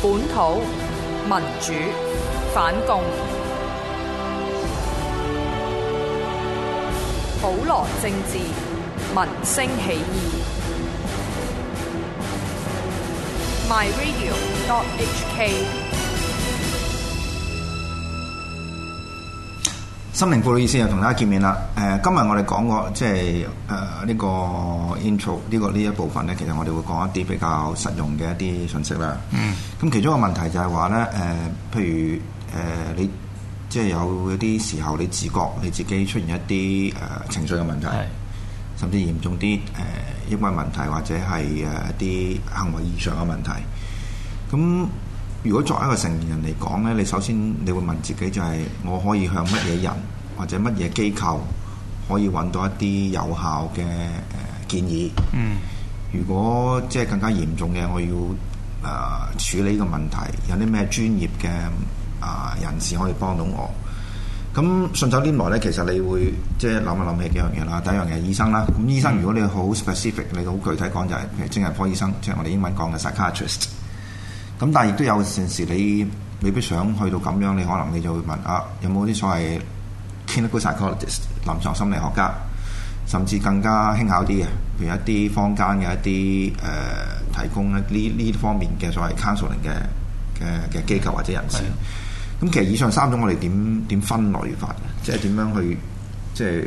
本土民主反共，普羅政治，民聲起義。MyRadio.HK 心靈輔導熱線又同大家見面啦。誒、呃，今日我哋講、呃這個即係誒呢個 intro 呢個呢一部分咧，其實我哋會講一啲比較實用嘅一啲信息啦。嗯。咁其中一個問題就係話咧，誒、呃，譬如誒、呃、你即係有啲時候，你自覺你自己出現一啲誒、呃、情緒嘅問題，是甚至嚴重啲誒抑鬱問題，或者係誒一啲行為異常嘅問題。咁、嗯。如果作為一個成年人嚟講咧，你首先你會問自己就係我可以向乜嘢人或者乜嘢機構可以揾到一啲有效嘅建議？嗯。如果即係更加嚴重嘅，我要呃處理個問題，有啲咩專業嘅啊人士可以幫到我？咁順手拈來呢，其實你會即係諗一諗起幾樣嘢啦。第一樣嘢係醫生啦。咁醫生如果你好 specific，你好具體講就係譬如精神科醫生，即係我哋英文講嘅 psychiatrist。咁但係，亦都有陣時你未必想去到咁樣，你可能你就會問啊，有冇啲所謂 clinical psychologist 臨床心理學家，甚至更加輕巧啲嘅，譬如一啲坊間嘅一啲誒、呃、提供咧呢呢方面嘅所謂 counseling 嘅嘅嘅機構或者人士。咁的其實以上三種我哋點點分類法，即係點樣去即係誒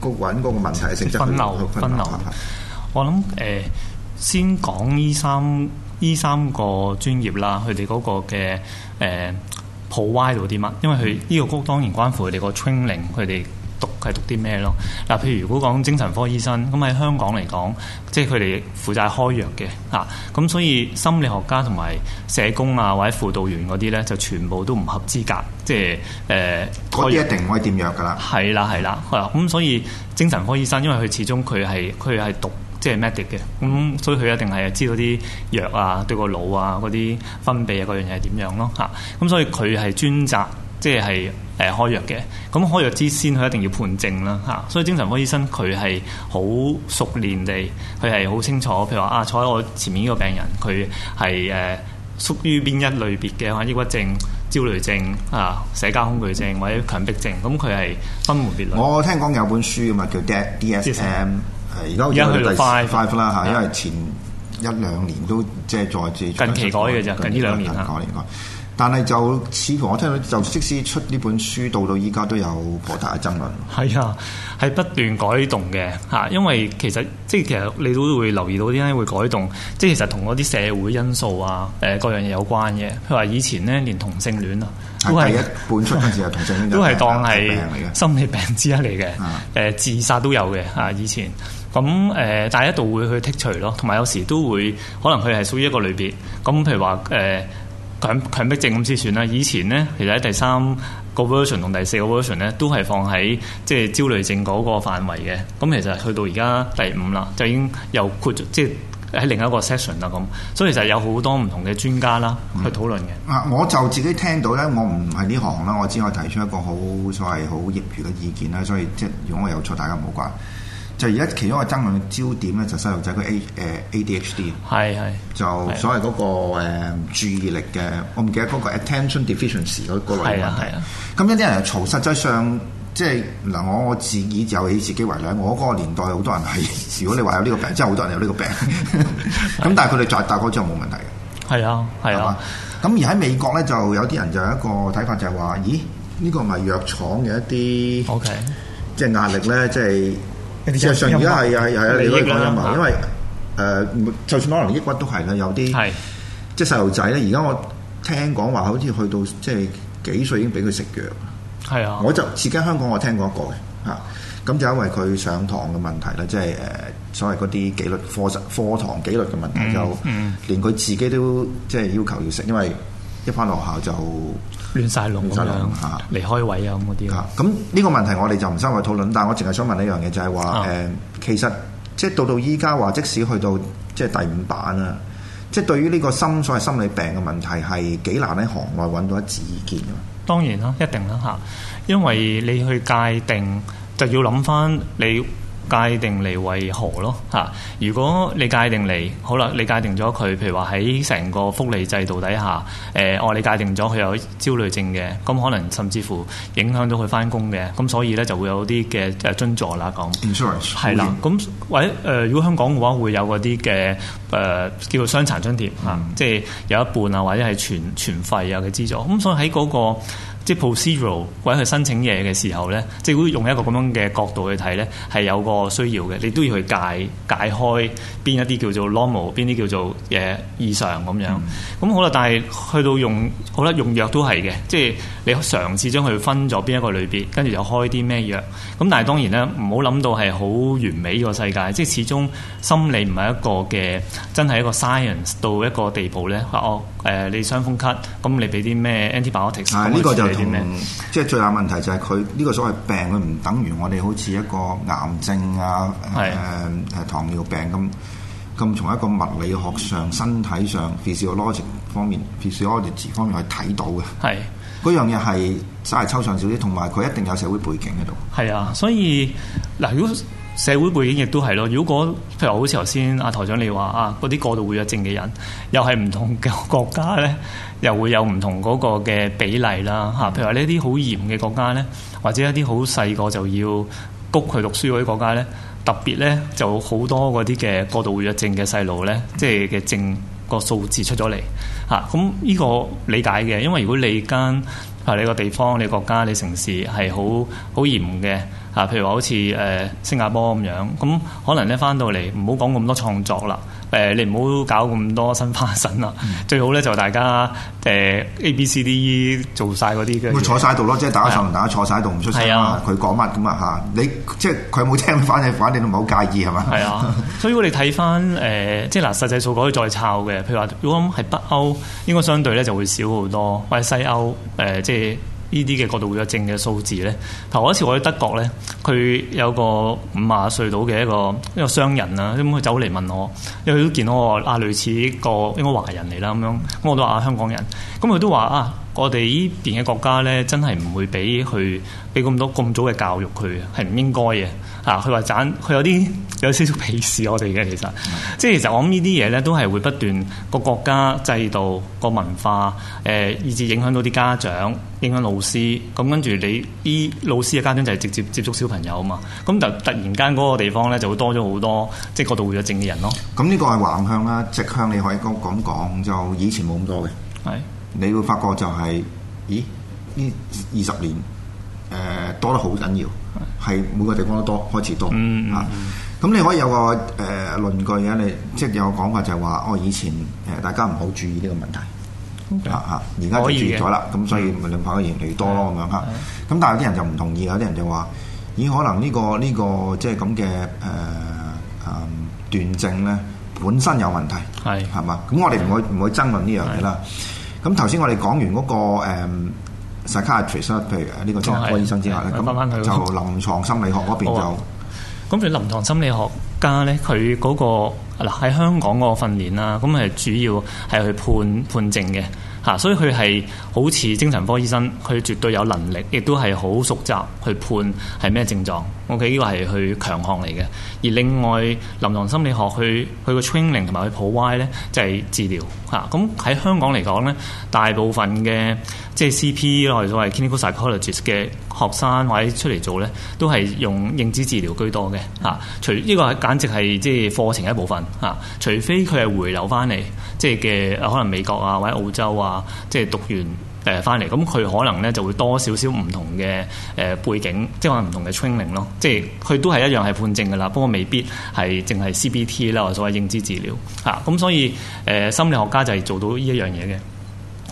嗰個揾嗰個問題嘅性質去分流，分流。分流嗎我諗誒、呃，先講醫生。呢三個專業啦，佢哋嗰個嘅誒鋪歪到啲乜？因為佢依、這個工當然關乎佢哋個 training，佢哋讀係讀啲咩咯？嗱，譬如如果講精神科醫生，咁、嗯、喺香港嚟講，即係佢哋負責開藥嘅嚇，咁、啊、所以心理學家同埋社工啊或者輔導員嗰啲咧，就全部都唔合資格，即係誒。嗰、呃、一定唔可以點藥㗎啦。係啦係啦，係啦、啊。咁、啊、所以精神科醫生，因為佢始終佢係佢係讀。即係 medic 嘅，咁、嗯、所以佢一定係知道啲藥啊，對個腦啊嗰啲分泌啊嗰、啊、樣嘢係點樣咯嚇。咁、嗯、所以佢係專責，即係誒開藥嘅。咁、嗯、開藥之先，佢一定要判證啦嚇、嗯嗯。所以精神科醫生佢係好熟練地，佢係好清楚。譬如話啊，坐喺我前面呢個病人，佢係誒屬於邊一類別嘅？嚇，抑鬱症、焦慮症啊、社交恐懼症或者強迫症，咁佢係分門別類。我聽講有本書㗎嘛，叫 D D S M。 而家好似第四 five 啦嚇，因為前一兩年都即係再即近期改嘅啫，近呢兩年嚇。年改，但係就似乎我聽到就即使出呢本書，到到依家都有頗大嘅爭論。係啊，係不斷改動嘅嚇，因為其實即係其實你都會留意到啲咧會改動，即係其實同嗰啲社會因素啊，誒各樣嘢有關嘅。譬如話以前咧，連同性戀啊，都係一本出嗰陣時係同性戀，都係當係病嚟嘅，心理病之一嚟嘅。誒、嗯，自殺都有嘅嚇，以前。咁誒，第、呃、一度會去剔除咯，同埋有，有時都會可能佢係屬於一個類別。咁譬如話誒、呃，強強迫症咁先算啦。以前咧，其實喺第三個 version 同第四個 version 咧，都係放喺即係焦慮症嗰個範圍嘅。咁其實去到而家第五啦，就已經又括咗，即係喺另一個 session 啦咁。所以其實有好多唔同嘅專家啦，去討論嘅。啊、嗯，我就自己聽到咧，我唔係呢行啦，我只可以提出一個好所謂好業餘嘅意見啦。所以即係如果我有錯，大家唔好怪。就而家其中一個爭論嘅焦點咧，就細路仔佢 A 誒 ADHD，係係就所謂嗰個注意力嘅，我唔記得嗰個 attention deficiency 嗰個問題。係啊，咁一啲人嘈，實際上即係嗱，我我自己就以自己為例，我嗰個年代好多人係，如果你話有呢個病，即係好多人有呢個病。咁但係佢哋再大個之後冇問題嘅。係啊，係啊，咁而喺美國咧，就有啲人就有一個睇法就係話，咦，呢個唔係藥廠嘅一啲 OK，即係壓力咧，即係。事實上而家係啊，係啊，你可以講陰霾，因為誒，就算可能抑鬱都係啦。有啲是即係細路仔咧，而家我聽講話，好似去到即係幾歲已經俾佢食藥。係啊，我就自己喺香港我聽過一個嘅吓，咁、啊、就因為佢上堂嘅問題啦，即係誒所謂嗰啲紀律課實課堂紀律嘅問題，就、啊嗯嗯、連佢自己都即係要求要食，因為。一翻學校就亂晒龍咁樣嚇，樣離開位啊咁嗰啲。啊、嗯，咁呢個問題我哋就唔深入討論，但係我淨係想問呢樣嘢就係話誒，啊、其實即係到到依家話，即使去到即係第五版啊，即係對於呢個心所謂心理病嘅問題係幾難喺行內揾到一致意見㗎。當然啦，一定啦嚇，因為你去界定就要諗翻你。界定嚟為何咯嚇、啊？如果你界定嚟，好啦，你界定咗佢，譬如話喺成個福利制度底下，誒、呃，我、哦、你界定咗佢有焦慮症嘅，咁、嗯、可能甚至乎影響到佢翻工嘅，咁、嗯、所以咧就會有啲嘅誒津助啦講。i、嗯、n s 係啦、嗯，咁或者誒，如果香港嘅話，會有嗰啲嘅誒叫做傷殘津貼嚇，即係有一半啊，或者係全全費啊嘅資助。咁、嗯、所以喺嗰、那個。即係 procedure 或者去申請嘢嘅時候咧，即係如果用一個咁樣嘅角度去睇咧，係有個需要嘅，你都要去解解開邊一啲叫做 normal，邊啲叫做誒異常咁樣，咁、嗯嗯、好啦，但係去到用好啦，用藥都係嘅，即係你嘗試將佢分咗邊一個類別，跟住就開啲咩藥，咁但係當然咧，唔好諗到係好完美個世界，即係始終心理唔係一個嘅真係一個 science 到一個地步咧。哦，誒、呃、你傷風咳，咁你俾啲咩 antibiotics？啊，呢個就是、～同即係最大問題就係佢呢個所謂病，佢唔等於我哋好似一個癌症啊、誒、呃、誒糖尿病咁咁從一個物理學上、身體上、physiologic 方面、physiologic 方面去睇到嘅。係嗰樣嘢係真係抽象少啲，同埋佢一定有社會背景喺度。係啊，所以嗱，如果社會背景亦都係咯，如果譬如好似頭先阿台長你話啊，嗰啲過度活躍症嘅人又係唔同嘅國家咧。又會有唔同嗰個嘅比例啦，嚇，譬如話呢啲好嚴嘅國家呢，或者一啲好細個就要谷佢讀書嗰啲國家呢，特別呢就好多嗰啲嘅過度活躍症嘅細路呢，即係嘅症個數字出咗嚟嚇，咁，啊，呢個理解嘅。因為如果你間係你個地方、你國家、你城市係好好嚴嘅。啊，譬如話好似誒、呃、新加坡咁樣，咁可能咧翻到嚟唔好講咁多創作啦，誒、呃、你唔好搞咁多新花臣啦，嗯、最好咧就大家誒、呃、A B C D E 做晒嗰啲嘅。嗯就係、坐晒度咯，即係大家上台，大家坐晒度唔出聲啦。佢講乜咁啊？嚇，你即係佢冇聽，反正反正都唔好介意係嘛？係 啊。所以我哋睇翻誒，即係嗱實際數據可以再抄嘅，譬如話如果係北歐，應該相對咧就會少好多；或者西歐誒、呃，即係。呢啲嘅過度活躍症嘅數字咧，頭一次我去德國咧，佢有個五十歲到嘅一個一個商人啊，咁佢走嚟問我，因為佢都見到我啊，類似一個應該華人嚟啦咁樣，咁我都話香港人，咁佢都話啊，我哋呢邊嘅國家咧，真係唔會俾佢俾咁多咁早嘅教育佢，係唔應該嘅。啊！佢話盞，佢有啲有少少鄙視我哋嘅，其實，嗯、即係其實我諗呢啲嘢咧，都係會不斷個國家制度、個文化，誒、呃，以致影響到啲家長、影響老師。咁跟住你啲老師嘅家長就係直接接觸小朋友啊嘛。咁就突然間嗰個地方咧就會多咗好多，即係過度護咗症嘅人咯。咁呢個係橫向啦，直向你可以咁講，就以前冇咁多嘅。係的，你會發覺就係、是，咦？呢二十年誒、呃、多得好緊要。係每個地方都多，開始多、嗯嗯、啊！咁你可以有個誒、呃、論據嘅，你即係、就是、有個講法就係話：哦，以前誒大家唔好注意呢個問題，嚇嚇 Okay,、啊，而家就注意咗啦。咁所以兩派嘅越嚟越多咯，咁樣嚇。咁但係有啲人就唔同意，有啲人就話：咦、哎，可能呢、這個呢、這個即係咁嘅誒嗯斷症咧，呃呃、本身有問題，係係嘛？咁的我哋唔會唔會爭論呢樣嘢啦。咁頭先我哋講完嗰、那個、嗯嗯細卡譬如呢個科醫生之下咧，咁的就臨床心理學嗰邊就、 哦，咁佢臨床心理學家咧，佢嗰、嗰個嗱喺香港嗰個訓練啦，咁係主要係去判判證嘅。啊！所以佢係好似精神科醫生，佢絕對有能力，亦都係好熟習去判係咩症狀。我哋呢個係去強項嚟嘅。而另外臨床心理學去去個 training 同埋去普 Y 咧，就係、是、治療。嚇、啊！咁喺香港嚟講咧，大部分嘅即係 CP 內所謂 clinical psychologist 嘅學生或者出嚟做咧，都係用認知治療居多嘅。嚇、啊！除呢、這個係簡直係即係課程一部分。嚇、啊！除非佢係回流翻嚟。即係嘅，可能美國啊或者澳洲啊，即係讀完誒翻嚟，咁、呃、佢可能咧就會多少少唔同嘅誒、呃、背景，即係可能唔同嘅 training 咯。即係佢都係一樣係判症嘅啦，不過未必係淨係 CBT 啦，或者所謂認知治療嚇。咁、啊、所以誒、呃、心理學家就係做到呢一樣嘢嘅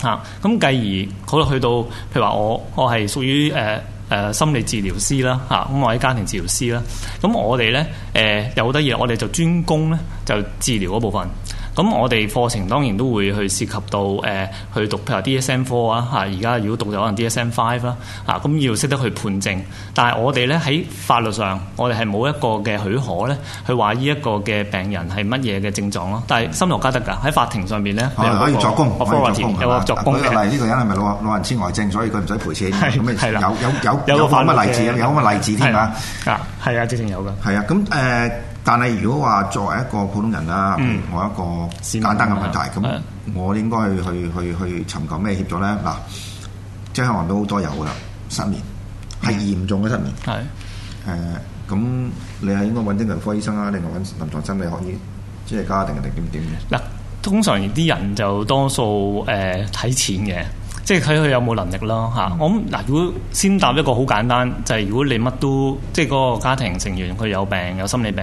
嚇。咁、啊、繼而可能去到譬如話我我係屬於誒誒、呃呃、心理治療師啦嚇，咁、啊、我係家庭治療師啦。咁、啊、我哋咧誒有好多嘢，我哋就專攻咧就治療嗰部分。咁我哋課程當然都會去涉及到誒去讀譬如話 DSM 科啊嚇，而家如果讀咗可能 DSM five 啦嚇，咁要識得去判證。但係我哋咧喺法律上，我哋係冇一個嘅許可咧，去話依一個嘅病人係乜嘢嘅症狀咯。但係心諾嘉德噶喺法庭上面咧，可以作供，可以作供，有話作供。舉例，呢個人係咪老老人痴呆症，所以佢唔使賠錢？係啦，有有有有法嘅例子，有咁例子㗎。啊，係啊，之前有㗎。係啊，咁誒。但係如果話作為一個普通人啦，嗯、我一個簡單嘅問題，咁的我應該去的去去去，去，去尋求咩協助咧？嗱，即係香港都好多有嘅失眠，係嚴重嘅失眠。係的。誒、呃，咁你係應該揾精神科醫生啦，定係揾臨床心理學院？即係家定定點點嘅。嗱，通常啲人就多數誒睇、呃、錢嘅。嗯即係睇佢有冇能力咯，嚇、嗯！我諗嗱，如果先答一個好簡單，就係、是、如果你乜都，即係嗰個家庭成員佢有病有心理病，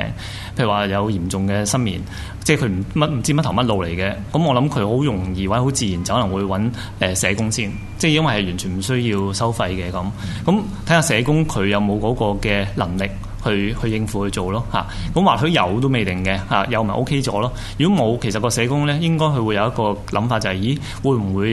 譬如話有嚴重嘅失眠，即係佢唔乜唔知乜頭乜路嚟嘅，咁我諗佢好容易或者好自然就可能會揾社工先，即係因為係完全唔需要收費嘅咁，咁睇下社工佢有冇嗰個嘅能力。去去應付去做咯嚇，咁或許有都未定嘅嚇、啊，有咪 OK 咗咯？如果冇，其實個社工咧，應該佢會有一個諗法、就係，就係咦會唔會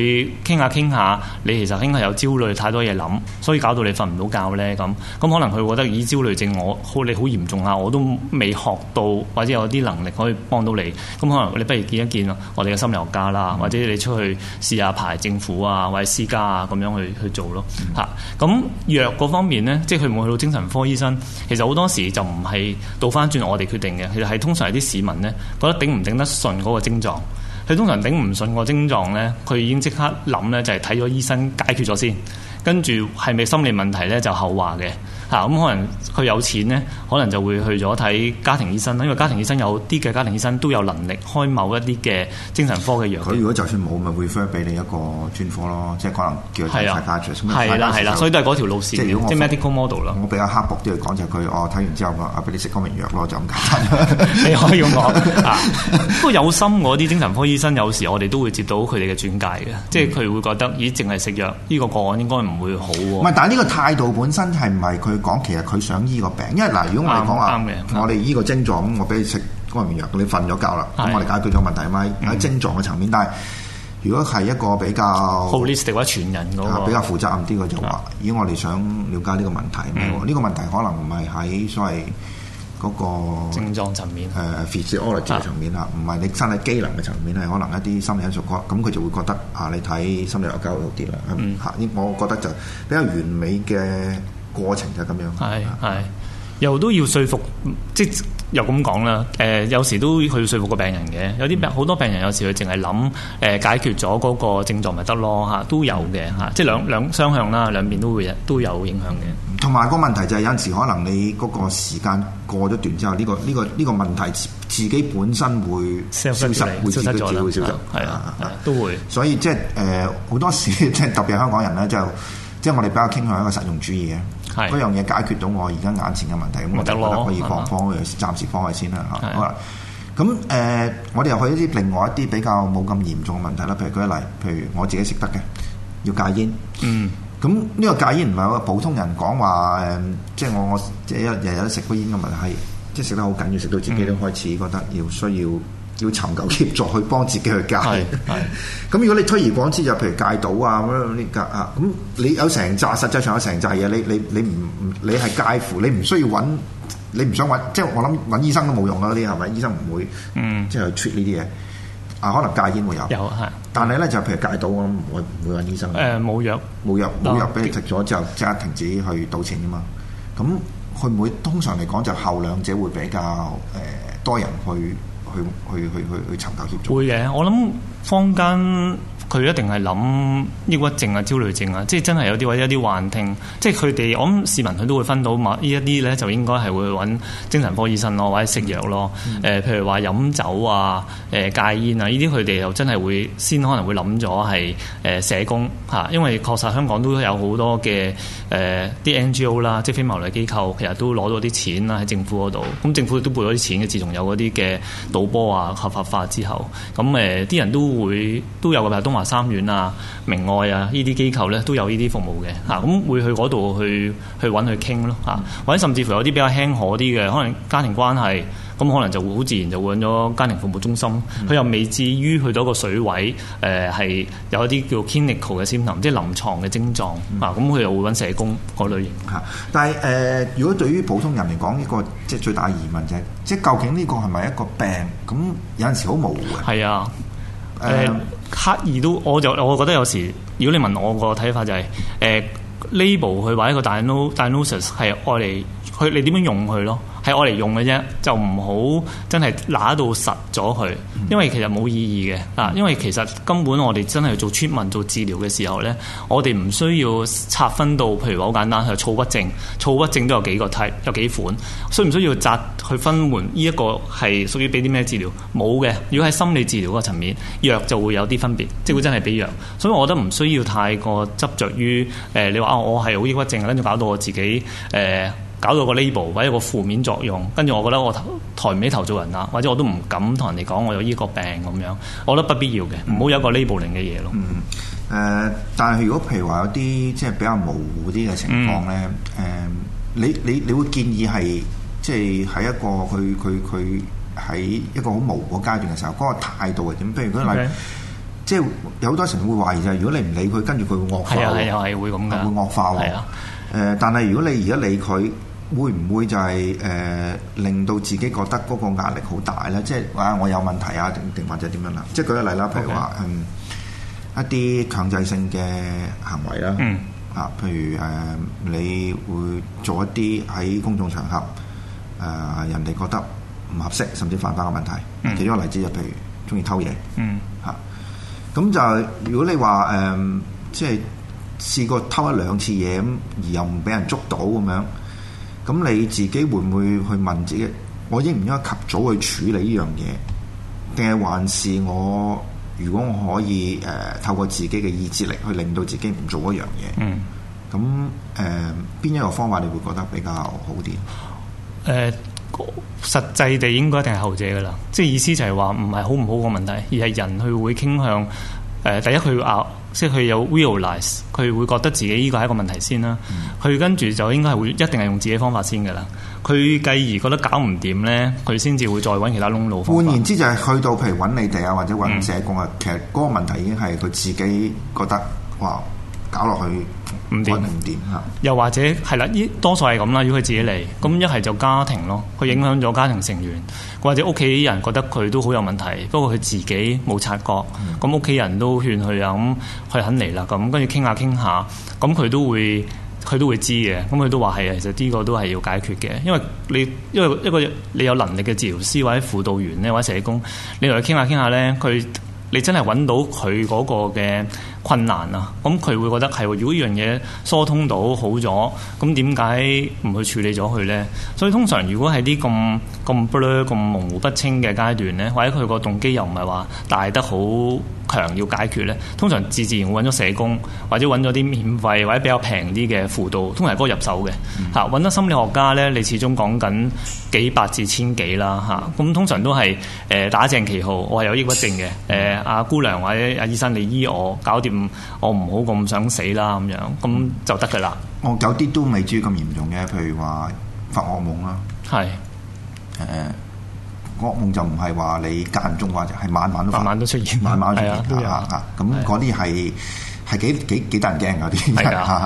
傾下傾下，你其實傾下有焦慮，太多嘢諗，所以搞到你瞓唔到覺咧咁。咁、啊、可能佢覺得以焦慮症我好你好嚴重下、啊，我都未學到或者有啲能力可以幫到你，咁、啊、可能你不如見一見我哋嘅心理學家啦，或者你出去試下排政府啊或者私家啊咁樣去去做咯嚇。咁藥嗰方面咧，即係佢唔會去到精神科醫生，其實好。當時就唔係倒翻轉我哋決定嘅，其實係通常有啲市民呢，覺得頂唔頂得順嗰個症狀，佢通常頂唔順個症狀呢，佢已經即刻諗呢，就係睇咗醫生解決咗先，跟住係咪心理問題呢？就後話嘅。嚇咁、啊嗯、可能佢有錢咧，可能就會去咗睇家庭醫生啦。因為家庭醫生有啲嘅家庭醫生都有能力開某一啲嘅精神科嘅藥。佢如果就算冇咪 refer 俾你一個專科咯，即係可能叫佢睇下家畜。係啦係啦，所以都係嗰條路線。即，即 medical model 啦。我比較刻薄啲嚟講就係、是、佢，哦。睇完之後，我啊俾你食康明藥咯，就咁解。 你可以用我不過、 啊、有心我啲精神科醫生有時我哋都會接到佢哋嘅轉介嘅，即係佢會覺得、嗯、咦，淨係食藥呢、這個個案應該唔會好喎、啊。唔係，但係呢個態度本身係唔係佢。講其實佢想醫個病，因為嗱，如果我哋講話我哋依個症狀，我俾你食安眠藥，你瞓咗覺啦，咁我哋解決咗問題咪喺症狀嘅層面。但係如果係一個比較 holistic 或者全人比較負責任啲嘅就話，如果我哋想了解呢個問題，呢個問題可能唔係喺所謂嗰個症狀層面，誒 physiology 層面啦，唔係你身體機能嘅層面係可能一啲心理因素，咁佢就會覺得啊，你睇心理有交流啲啦。嗯，吓，我覺得就比較完美嘅。過程就係咁樣，係係又都要說服，即又咁講啦。誒，有時都去説服個病人嘅。有啲病，好多病人有時佢淨係諗誒解決咗嗰個症狀咪得咯嚇，都有嘅嚇，即兩兩雙向啦，兩邊都會都有影響嘅。同埋個問題就係有陣時可能你嗰個時間過咗段之後，呢個呢個呢個問題自己本身會消失，會自然會消失，係啊，都會。所以即誒好多時即特別香港人咧，就即我哋比較傾向一個實用主義嘅。嗰樣嘢解決到我而家眼前嘅問題，咁我，我覺得可以放放，是是暫時放喺先啦嚇。是是好啦，咁誒、呃，我哋又去一啲另外一啲比較冇咁嚴重嘅問題啦。譬如舉一例，譬如我自己食得嘅，要戒煙。嗯。咁呢個戒煙唔係一個普通人講話誒，即係我我即係日日都食杯煙嘅問題，係即係食得好緊要，食到自己都開始覺得要需要。嗯要尋求協助去幫自己去戒，咁 如果你推而廣之，就譬如戒賭啊，咁樣啲啊，咁你有成扎，實際上有成扎嘢，你你你唔你係介乎，你唔需要揾，你唔想揾，即係我諗揾醫生都冇用啊嗰啲，係咪？醫生唔會，嗯、即係去 treat 呢啲嘢啊，可能戒煙會有，有係，但係咧就譬如戒賭，我諗唔會唔會揾醫生。誒、呃，冇藥，冇藥，冇藥俾你食咗之後，即刻停止去賭錢啊嘛。咁會唔會通常嚟講，就後兩者會比較誒多人去。去去去去去尋求協助。會嘅，我諗。坊間佢一定係諗抑鬱症啊、焦慮症啊，即係真係有啲或者有啲幻聽，即係佢哋我諗市民佢都會分到嘛呢一啲咧，就應該係會揾精神科醫生咯，或者食藥咯。誒、呃、譬如話飲酒啊、誒、呃、戒煙啊，呢啲佢哋又真係會先可能會諗咗係誒社工吓，因為確實香港都有好多嘅誒啲 NGO 啦，即係非牟利機構其實都攞到啲錢啦喺政府度。咁政府都撥咗啲錢嘅，自從有啲嘅賭波啊合法化之後咁誒啲人都。都會都有嘅，譬如東華三院啊、明愛啊，呢啲機構咧都有呢啲服務嘅嚇。咁會去嗰度去去揾佢傾咯嚇，或者甚至乎有啲比較輕可啲嘅，可能家庭關係咁，可能就會好自然就揾咗家庭服務中心。佢又未至於去到一個水位，誒、呃、係有一啲叫 clinical 嘅先臨，即係臨床嘅症狀啊。咁、嗯、佢、嗯嗯、又會揾社工嗰類型嚇。但係誒，如果對於普通人嚟講，呢個即係最大疑問就係、是，即係究竟呢個係咪一個病？咁有陣時好模糊嘅啊。的誒、uh, 刻意都，我就我覺得有時，如果你問我個睇法就係、是，誒 label 去話一個大 no diagnosis 係愛嚟，佢你點樣用佢咯？係我嚟用嘅啫，就唔好真係拿到實咗佢，因為其實冇意義嘅。啊，因為其實根本我哋真係做村民做治療嘅時候咧，我哋唔需要拆分到，譬如話好簡單，係躁鬱症，躁鬱症都有幾個 type，有幾款，需唔需要扎去分門？呢、這、一個係屬於俾啲咩治療？冇嘅。如果喺心理治療嗰個層面，藥就會有啲分別，即係會真係俾藥。所以我覺得唔需要太過執着於誒、呃，你話啊，我係好抑鬱症，跟住搞到我自己誒。呃搞到個 label 或者個負面作用，跟住我覺得我抬唔起頭做人啦，或者我都唔敢同人哋講我有呢個病咁樣，我覺得不必要嘅，唔好、嗯、有個 labeling 嘅嘢咯。嗯，呃、但係如果譬如話有啲即係比較模糊啲嘅情況咧，誒、嗯呃，你你你會建議係即係喺一個佢佢佢喺一個好模糊階段嘅時候，嗰、嗰個態度係點？譬如佢啲 Okay. 即係有好多時候會懷疑就係如果你唔理佢，跟住佢會惡化。係啊係啊係會咁㗎。會惡化喎。係啊。誒，但係如果你而家理佢。會唔會就係、是、誒、呃、令到自己覺得嗰個壓力好大咧？即係哇，我有問題啊，定定或者點樣啊？即係舉個例啦，譬如話，Okay. 嗯，一啲強制性嘅行為啦，嗯啊，譬如誒、呃，你會做一啲喺公眾場合誒、呃，人哋覺得唔合適甚至犯法嘅問題。嗯、其中個例子就係、譬如中意偷嘢，嗯嚇咁、啊、就如果你話誒、呃，即係試過偷一兩次嘢咁，而又唔俾人捉到咁樣。咁你自己會唔會去問自己，我應唔應該及早去處理呢樣嘢？定係還是我如果我可以誒、呃、透過自己嘅意志力去令到自己唔做嗰樣嘢？嗯。咁誒邊一個方法你會覺得比較好啲？誒、呃、實際地應該一定係後者㗎喇，即係意思就係話唔係好唔好個問題，而係人去會傾向誒、呃、第一佢啊。即係佢有 realize 佢會覺得自己呢個係一個問題先啦。佢、嗯、跟住就應該係會一定係用自己方法先嘅啦。佢繼而覺得搞唔掂咧，佢先至會再揾其他窿路方法。換言之，就係去到譬如揾你哋啊，或者揾社工啊，嗯、其實嗰個問題已經係佢自己覺得哇。搞落去唔掂，唔掂嚇。又或者係啦，呢多數係咁啦。如果佢自己嚟，咁一係就家庭咯，佢影響咗家庭成員，或者屋企人覺得佢都好有問題，不過佢自己冇察覺。咁屋企人都勸佢啊，咁佢肯嚟啦。咁跟住傾下傾下，咁佢都會佢都會知嘅。咁佢都話係啊，其實呢個都係要解決嘅。因為你因為一個你有能力嘅治療師或者輔導員咧或者社工，你同佢傾下傾下咧，佢你真係揾到佢嗰個嘅困難啊，咁佢會覺得係喎。如果呢樣嘢疏通到好咗，咁點解唔去處理咗佢呢？所以通常如果係啲咁咁 blur 咁模糊不清嘅階段呢，或者佢個動機又唔係話大得好強要解決呢，通常自自然會揾咗社工，或者揾咗啲免費或者比較平啲嘅輔導，通常係嗰個入手嘅嚇。揾得、嗯、心理學家呢，你始終講緊幾百至千幾啦嚇。咁通常都係誒打正旗號，我係有抑鬱症嘅誒。阿、嗯呃啊、姑娘或者阿醫生，你醫我搞掂。我唔好咁想死啦，咁樣咁就得噶啦。我、哦、有啲都未至於咁嚴重嘅，譬如話發惡夢啦，係誒是，惡夢、呃、就唔係話你間中話，係晚晚都發，晚晚都出現，晚晚出現啊，咁嗰啲係係幾幾幾得人驚嗰啲，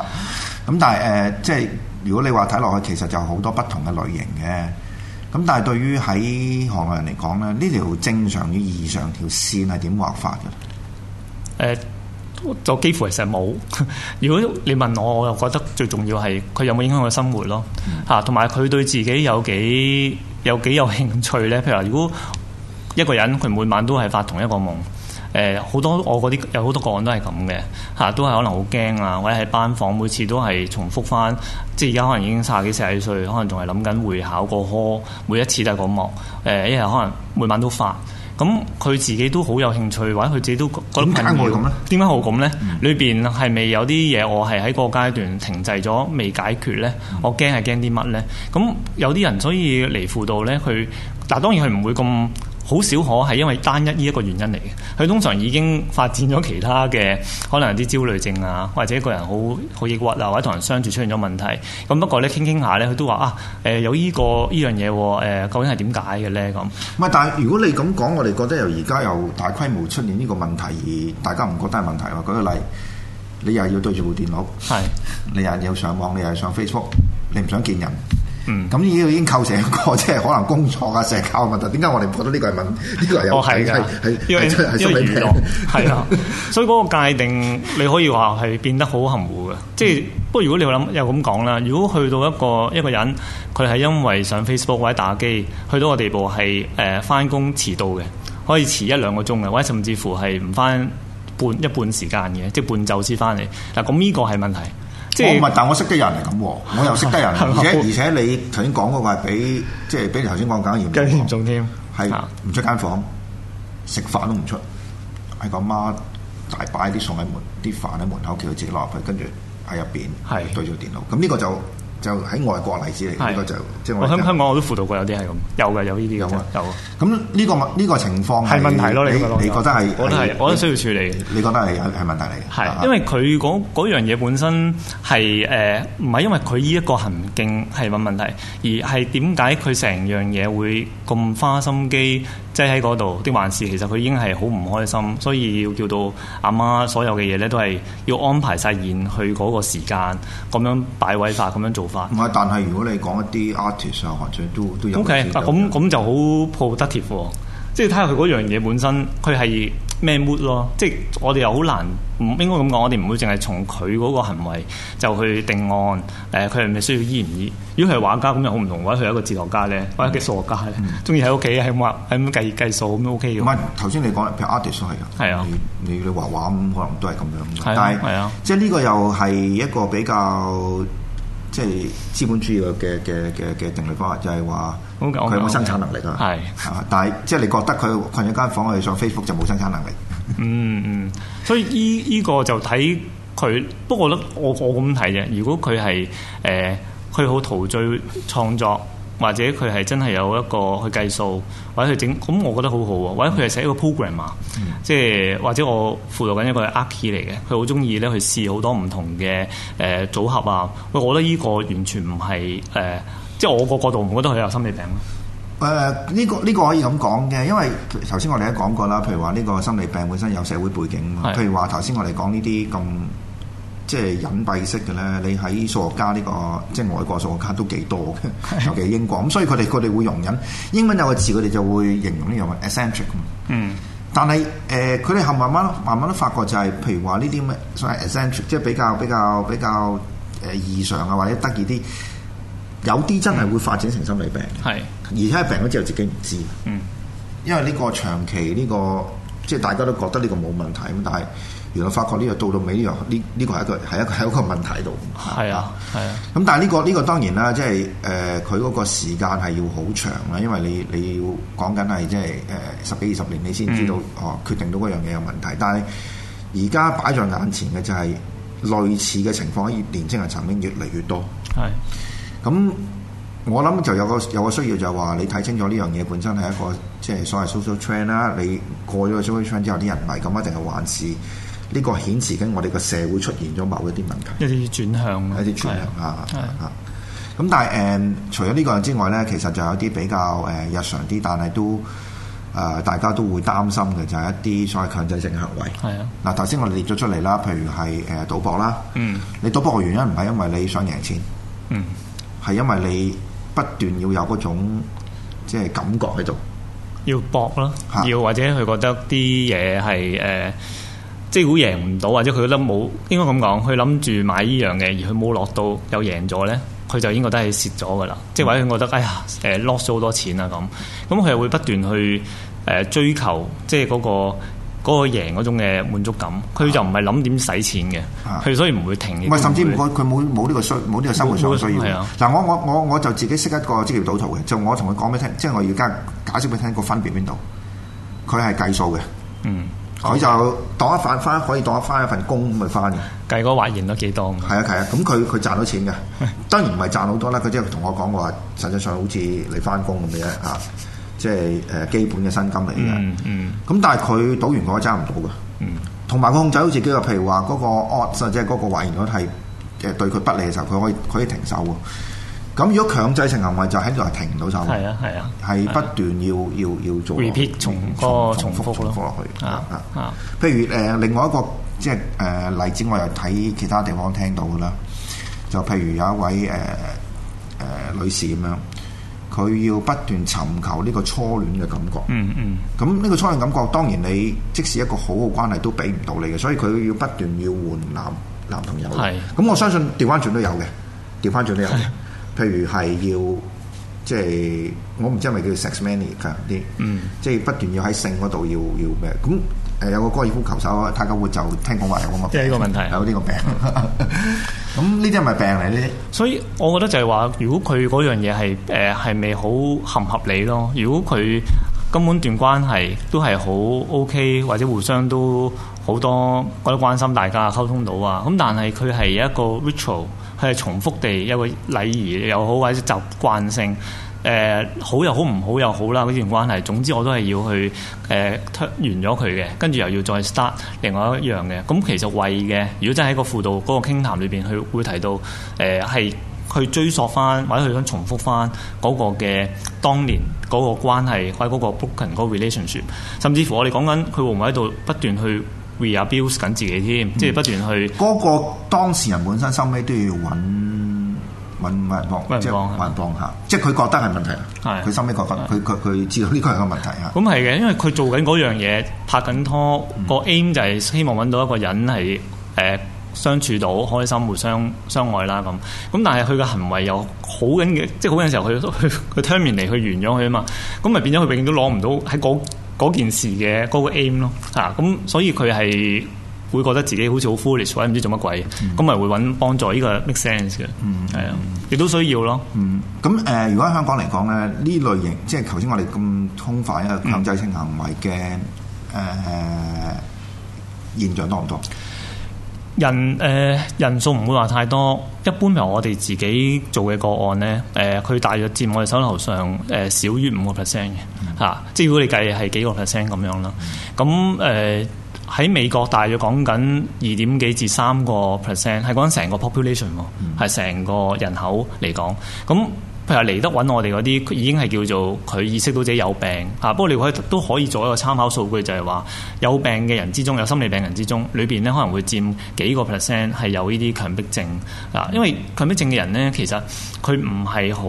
咁但係誒、呃，即係如果你話睇落去，其實就好多不同嘅類型嘅。咁但係對於喺行內人嚟講咧，呢條正常與異常條線係點畫法嘅？誒、呃。就幾乎係成日冇。如果你問我，我又覺得最重要係佢有冇影響我生活咯，嚇、嗯，同埋佢對自己有幾有幾有興趣呢？譬如話，如果一個人佢每晚都係發同一個夢，誒、呃，好多我嗰啲有好多個案都係咁嘅，嚇、呃，都係可能好驚啊！或者喺班房每次都係重複翻，即係而家可能已經卅幾、四十歲，可能仲係諗緊會考個科，每一次都係個夢，誒、呃，一係可能每晚都發。咁佢自己都好有興趣，或者佢自己都覺得點解、嗯、我咁咧？點解我咁咧？裏邊係咪有啲嘢我係喺個階段停滯咗未解決咧？嗯、我驚係驚啲乜咧？咁有啲人所以嚟輔導咧，佢但當然佢唔會咁。好少可係因為單一呢一個原因嚟嘅，佢通常已經發展咗其他嘅，可能啲焦慮症啊，或者個人好好抑鬱啊，或者同人相處出現咗問題。咁不過咧傾傾下咧，佢都話啊，誒、呃、有呢、呢個呢樣嘢，誒、呃、究竟係點解嘅咧咁？唔係，但係如果你咁講，我哋覺得由而家又大規模出現呢個問題，而大家唔覺得係問題，我舉個例，你又要對住部電腦，係是你又要上網，你又要上 Facebook，你唔想見人。嗯，咁依度已經構成一個即係可能工作啊、社交嘅問題。點解我哋覺得呢個係問？呢、呢個係有病嘅，係係心理病。係啊，所以嗰個界定你可以話係變得好含糊嘅。嗯、即係不過如果你諗又咁講啦，如果去到一個一個人，佢係因為上 Facebook 或者打機去到個地步係誒返工遲到嘅，可以遲一兩個鐘嘅，或者甚至乎係唔返半一半時間嘅，即係半晝先返嚟。嗱咁呢個係問題。我唔係，但係我識得人嚟咁喎，我又識得人 而，而且而且你頭先講嗰個係比即係比你頭先講更加嚴重添，係唔出間房，食、嗯、飯都唔出，係個媽大擺啲餸喺門，啲飯喺門口企佢自己落去，跟住喺入邊對住電腦，咁呢個就。就喺外國例子嚟，呢的個就即、是、我想。我香港我都輔導過有啲係咁。有嘅有呢啲咁啊，有。咁呢的的、這個呢、這個情況係問題咯，你你覺得係我都係是我都需要處理。你覺得係係問題嚟嘅。係，因為佢嗰樣嘢本身係誒唔係因為佢呢一個行徑係問題，而係點解佢成樣嘢會咁花心機即係喺嗰度的患事，就是、其實佢已經係好唔開心，所以要叫到阿媽所有嘅嘢咧都係要安排曬現去嗰個時間，咁樣擺位法咁樣做。唔係，但係如果你講一啲 artist 啊，韓最都都有。O K，但咁咁就好 productive，即係睇下佢嗰樣嘢本身，佢係咩 mood 咯。即係我哋又好難，唔應該咁講。我哋唔會淨係從佢嗰個行為就去定案。誒，佢係咪需要醫唔醫？如果佢係畫家咁又好唔同，或者佢係一個哲學家咧，或者嘅數學家咧，中意喺屋企係咁畫係咁計計數咁都 O K 嘅。唔係頭先你講譬如 artist 係㗎，係啊，你你畫畫咁可能都係咁樣，但係係啊，即係呢個又係一個比較。即係資本主義嘅嘅嘅嘅定理方法，就係話佢有生產能力啊。係，但係即係你覺得佢困咗間房，佢想恢 a 就冇生產能力。 嗯嗯，所以依依、這個就睇佢。不過我覺得我我咁睇嘅。如果佢係誒，佢、呃、好陶醉創作。或者佢係真係有一個去計數，或者去整，咁我覺得好好喎。或者佢係寫一個 program 啊，即係或者我輔導緊一個係阿 K 嚟嘅，佢好中意咧去試好多唔同嘅誒組合啊。喂，我覺得呢個、嗯、個，個完全唔係誒，即係我個角度唔覺得佢有心理病咯。誒、呃，呢、呢個呢、呢個可以咁講嘅，因為頭先我哋都講過啦，譬如話呢個心理病本身有社會背景啊，是譬如話頭先我哋講呢啲咁。即係隱蔽式嘅咧，你喺數學家呢、這個即係外國數學家都幾多嘅， 尤其英國咁，所以佢哋佢哋會容忍，英文有個詞，佢哋就會形容呢樣話 eccentric。嗯但，但係誒，佢哋後慢慢慢慢都發覺就係、是，譬如話呢啲咩 eccentric，即係比較比較比較誒、呃、異常啊，或者得意啲，有啲真係會發展成心理病。係，嗯、而且病咗之後自己唔知。嗯，因為呢個長期呢、這個即係大家都覺得呢個冇問題咁，但係。原來發覺呢樣到到尾呢樣呢呢個係、這個、一個係一個係一個問題度，係啊，係啊。咁但係、這、呢個呢、這個當然啦，即係誒佢嗰個時間係要好長啦，因為你你要講緊係即係誒、呃、十幾二十年，你先知道、嗯、哦決定到嗰樣嘢有問題。但係而家擺在眼前嘅就係、是、類似嘅情況，年輕越年青人曾經越嚟越多。係是。咁、嗯、我諗就有個有個需要就係話你睇清楚呢樣嘢本身係一個即係所謂 social trend 啦。你過咗個 social trend 之後，啲人唔係咁一定係玩事。呢個顯示緊我哋個社會出現咗某一啲問題，轉一啲轉向，一啲轉向啊！咁、啊啊啊、但係誒、呃，除咗呢個人之外咧，其實就有啲比較誒、呃、日常啲，但係都誒、呃、大家都會擔心嘅，就係一啲所謂強制性行為。係啊！嗱，頭先我列咗出嚟啦，譬如係誒賭博啦。嗯。你賭博嘅原因唔係因為你想贏錢。嗯。係因為你不斷要有嗰種即係感覺喺度。要搏咯。嚇。要或者佢覺得啲嘢係誒。呃即係會贏唔到，或者佢覺得冇應該咁講，佢諗住買依樣嘅，而佢冇落到又贏咗咧，佢就已經覺得係蝕咗噶啦。即係、嗯、或者佢覺得，哎呀，誒 loss 咗好多錢啊咁。咁佢又會不斷去誒、呃、追求，即係嗰、嗰個嗰、嗰個贏嗰種嘅滿足感。佢、啊、就唔係諗點使錢嘅，佢、啊、所以唔會停。唔係、啊、甚至佢冇冇呢個需冇呢個生活需嘅。嗱、嗯、我我我我就自己識一個職業賭徒嘅，就我同佢講俾你聽，即係我而家解釋俾你聽個分別邊度。佢係計數嘅，嗯。佢就當一返返，可以當一返一份工咁咪返嘅。計嗰個或然率幾多？係啊係啊，咁佢佢賺到錢嘅。當然唔係賺好多啦，佢即係同我講話，實際上好似你返工咁嘅啫嚇。即係誒基本嘅薪金嚟嘅。嗯嗯。咁但係佢賭完我係爭唔到嘅。嗯。同埋個控制好似幾個，譬如話嗰個 odds 即係嗰個或然率係誒對佢不利嘅時候，佢可以可以停手喎。咁如果強制性行為就喺度係停唔到手，係啊係啊，係不斷要要要做 repeat 重個重複重複落去。譬如誒另外一個即係誒例子，我又睇其他地方聽到噶啦，就譬如有一位誒誒女士咁樣，佢要不斷尋求呢個初戀嘅感覺，嗯嗯，咁呢個初戀感覺當然你即使一個好嘅關係都俾唔到你嘅，所以佢要不斷要換男男朋友，係，咁我相信調翻轉都有嘅，調翻轉都有。譬如係要即係我唔知係咪叫 sex mania 啲，即係不，不、嗯、不斷要喺性嗰度要要咩？咁誒有個高爾夫球手泰格活士就聽講話有咁啊，即係呢個問題有呢個病。咁呢啲係咪病嚟咧？所以我覺得就係話，如果佢嗰樣嘢係誒係咪好合唔合理咯？如果佢根本段關係都係好 OK，或者互相都好多覺得關心大家溝通到啊，咁但係佢係一個 ritual。佢係重複地一個禮儀，又好或者習慣性，誒、呃、好又好唔好又好啦，呢段關係。總之我都係要去誒完咗佢嘅，跟、呃、住又要再 start 另外一樣嘅。咁其實為嘅，如果真係喺個輔導嗰個傾談裏邊，佢會提到誒係、呃、去追溯返，或者佢想重複返嗰個嘅當年嗰個關係，或者嗰個 booking 嗰個 relationship。甚至乎我哋講緊佢會唔會喺度不斷去。build 緊自己添，即係不斷去。嗰個當事人本身收尾都要揾揾人幫，即係幫下即係佢覺得係問題。係佢收尾覺得，佢佢佢知道呢個係個問題嚇。咁係嘅，因為佢做緊嗰樣嘢，拍緊拖，個 aim 就係希望揾到一個人係誒相處到開心，互相相愛啦咁。咁但係佢嘅行為又好緊嘅，即係好緊時候，佢佢佢 turn 完嚟，佢完咗佢啊嘛，咁咪變咗佢永遠都攞唔到喺嗰件事嘅嗰、嗰個 aim 咯、啊、嚇，咁所以佢係會覺得自己好似好 foolish 或者唔知做乜鬼，咁咪、嗯、會揾幫助呢、呢個 make sense 嘅，嗯，係啊，亦都需要咯，嗯，咁誒、呃，如果喺香港嚟講咧，呢類型即係頭先我哋咁兇快，一個強制性行為嘅誒、嗯呃、現象多唔多？人誒、呃、人數唔會話太多，一般由我哋自己做嘅個案咧，誒、呃、佢大約佔我哋手頭上誒、呃、少於五個 percent 嘅嚇，嗯、即係如果你計係幾個 percent 咁樣啦。咁誒喺美國大約講緊二點幾至三個 percent，係講成個 population，係成、嗯、個人口嚟講咁。譬如嚟得揾我哋嗰啲，已經係叫做佢意識到自己有病嚇啊。不過你可以都可以做一個參考數據，就係話有病嘅人之中，有心理病人之中，裏邊咧可能會佔幾個 percent 係有呢啲強迫症啊。因為強迫症嘅人咧，其實佢唔係好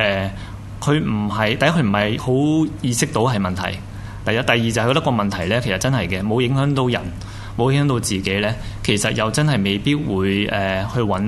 誒，佢唔係第一，佢唔係好意識到係問題。第一，第二就係覺得個問題咧，其實真係嘅冇影響到人。冇影響到自己呢，其實又真係未必會誒、呃、去揾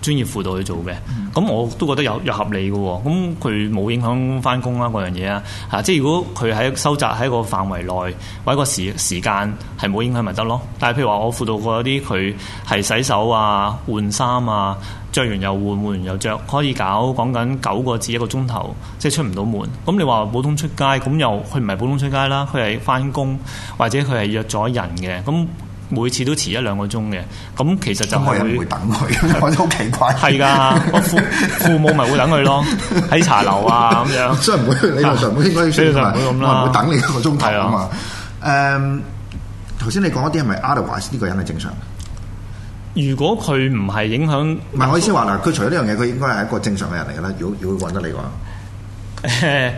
專業輔導去做嘅。咁、嗯、我都覺得有有合理嘅喎、哦。咁佢冇影響翻工啊嗰樣嘢啊嚇、啊。即係如果佢喺收窄喺個範圍內，或者個時時間係冇影響咪得咯？但係譬如話我輔導過啲佢係洗手啊、換衫啊、着完又換、換完又着，可以搞講緊九個字一個鐘頭，即係出唔到門。咁你話普通出街，咁又佢唔係普通出街啦，佢係翻工或者佢係約咗人嘅咁。每次都遲一兩個鐘嘅咁，其實就會等佢，我都好奇怪。係噶，我父父母咪會等佢咯。喺 茶樓啊咁樣，所以唔會理論上唔應該，所以唔係唔會等你一個鐘頭啊嘛。誒的，頭先、嗯、你講一啲係咪 otherwise 呢個人係正常？如果佢唔係影響，唔係我意思話嗱，佢除咗呢樣嘢，佢應該係一個正常嘅人嚟㗎啦。如果如果揾得你講，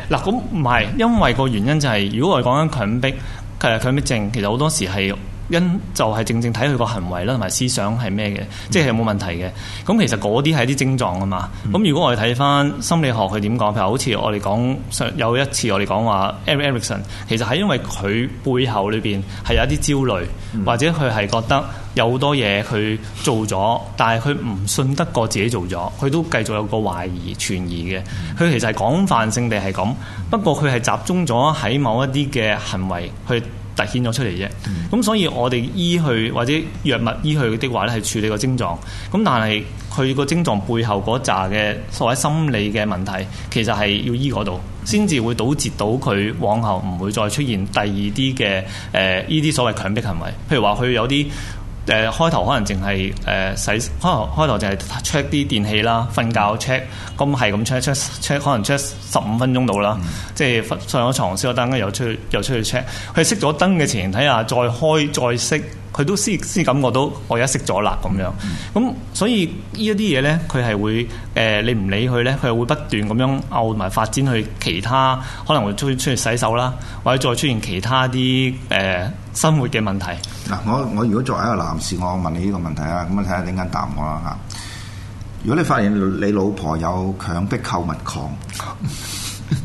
嗱咁唔係因為個原因就係、是，如果我哋講緊強迫，其實強迫症其實好多時係。因就係正正睇佢個行為啦，同埋思想係咩嘅，嗯、即係有冇問題嘅。咁其實嗰啲係啲症狀啊嘛。咁、嗯、如果我哋睇翻心理學，佢點講？譬如好似我哋講上有一次，我哋講話 Erik Erikson，、er、其實係因為佢背後裏邊係有一啲焦慮，嗯、或者佢係覺得有好多嘢佢做咗，但係佢唔信得過自己做咗，佢都繼續有個懷疑、存疑嘅。佢、嗯、其實係廣泛性地係咁，不過佢係集中咗喺某一啲嘅行為去。凸顯咗出嚟啫，咁所以我哋醫去或者藥物醫去的話咧，係處理個症狀。咁但係佢個症狀背後嗰扎嘅所謂心理嘅問題，其實係要醫嗰度、那個，先至會堵截到佢，往後唔會再出現第二啲嘅誒呢啲所謂強迫行為。譬如話佢有啲。誒、呃、開頭可能淨係誒使，開頭開頭就係 check 啲電器啦，瞓覺 check，咁係咁 check check check，可能 check 十五分鐘到啦，嗯、即係上咗床熄咗燈，又出去又出去 check，佢熄咗燈嘅前提下再開再熄。佢都先先感覺到我而家食咗辣咁樣，咁、嗯、所以呢一啲嘢咧，佢係會誒、呃、你唔理佢咧，佢會不斷咁樣拗埋、呃、發展去其他，可能會出出嚟洗手啦，或者再出現其他啲誒、呃、生活嘅問題。嗱，我我如果作為一個男士，我問你呢個問題啊，咁啊睇下點解答我啦嚇。如果你發現你老婆有強迫購物狂，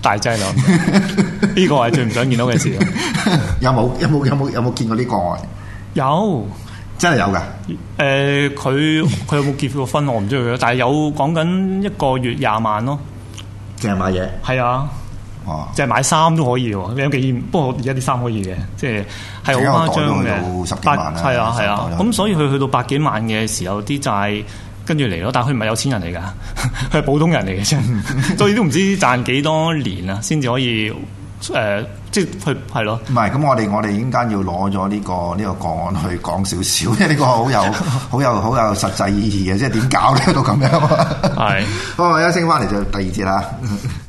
大劑啦，呢個係最唔想見到嘅事。 有冇有冇有冇有冇見過呢、呢個案？有真係有嘅，誒、呃，佢佢有冇結過婚我唔知佢，但係有講緊一個月廿萬咯，淨係買嘢，係啊，哇淨係買衫都可以喎，你有幾不過而家啲衫可以嘅，即係係好誇張嘅，百係啊係啊，咁所以佢去到百幾萬嘅時候，啲債、嗯、跟住嚟咯，但係佢唔係有錢人嚟噶，佢 係普通人嚟嘅啫， 所以都唔知賺幾多年啊，先至可以。誒、呃，即係佢係咯，唔係咁我哋我哋陣間要攞咗呢個呢、呢個個案去講少少，因為呢個好有 好有好有好有實際意義嘅，即係點搞咧到咁樣。係 的，不過一升翻嚟就第二節啦。